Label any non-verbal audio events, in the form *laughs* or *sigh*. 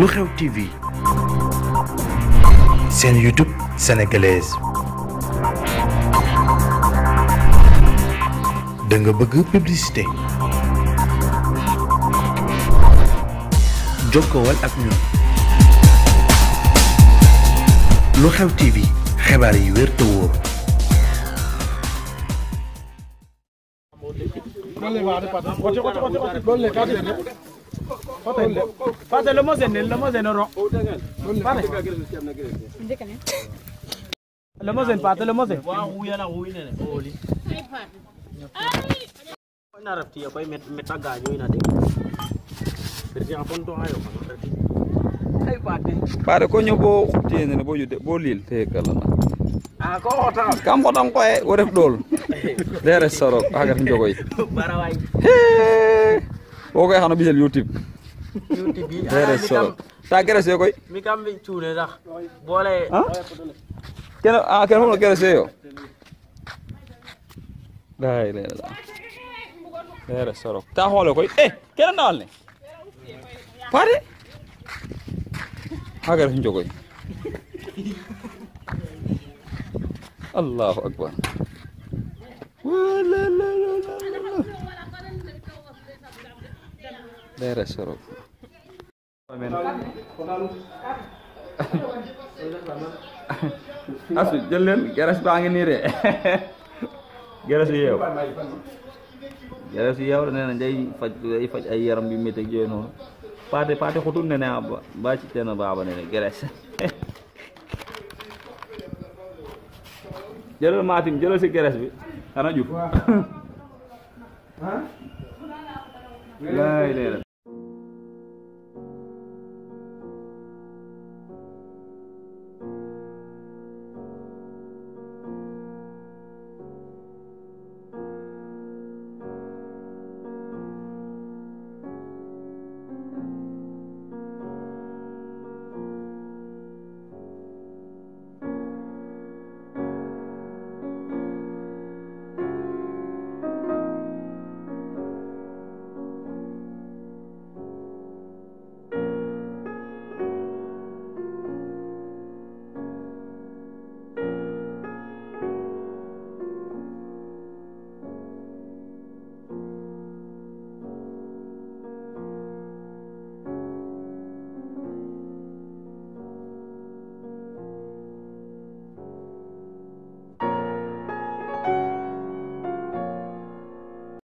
lu xew TV seen YouTube sénégalaise da nga bëgg publicité jokkowal ak ñun lu TV xibaar yi wér te wóor. hotolle fadde lomo pare ko ñobo tiene bo yude bo lil te kala na a ko kam eh, hotam koy wo ref dol de sorok agar njogoy bara way koy xana bisel youtube heere so ta gere see koy mi kam mi cuune sax boole kene a lay lay la heere sorok ta hoole koy e eh, kene ndawal ne paade ha gere fo jogoy allahu akbar lere sorok benn *laughs* asu jël baa ngi nii de *laughs* geres yeew geres yeew nee na faj faj ay yaram bi métti ak noonu paate paate xutum ne ne ah, ba ci teen baaba ne ne geres *laughs* jëlal maatim jëlal si geres bi xana jub lay leera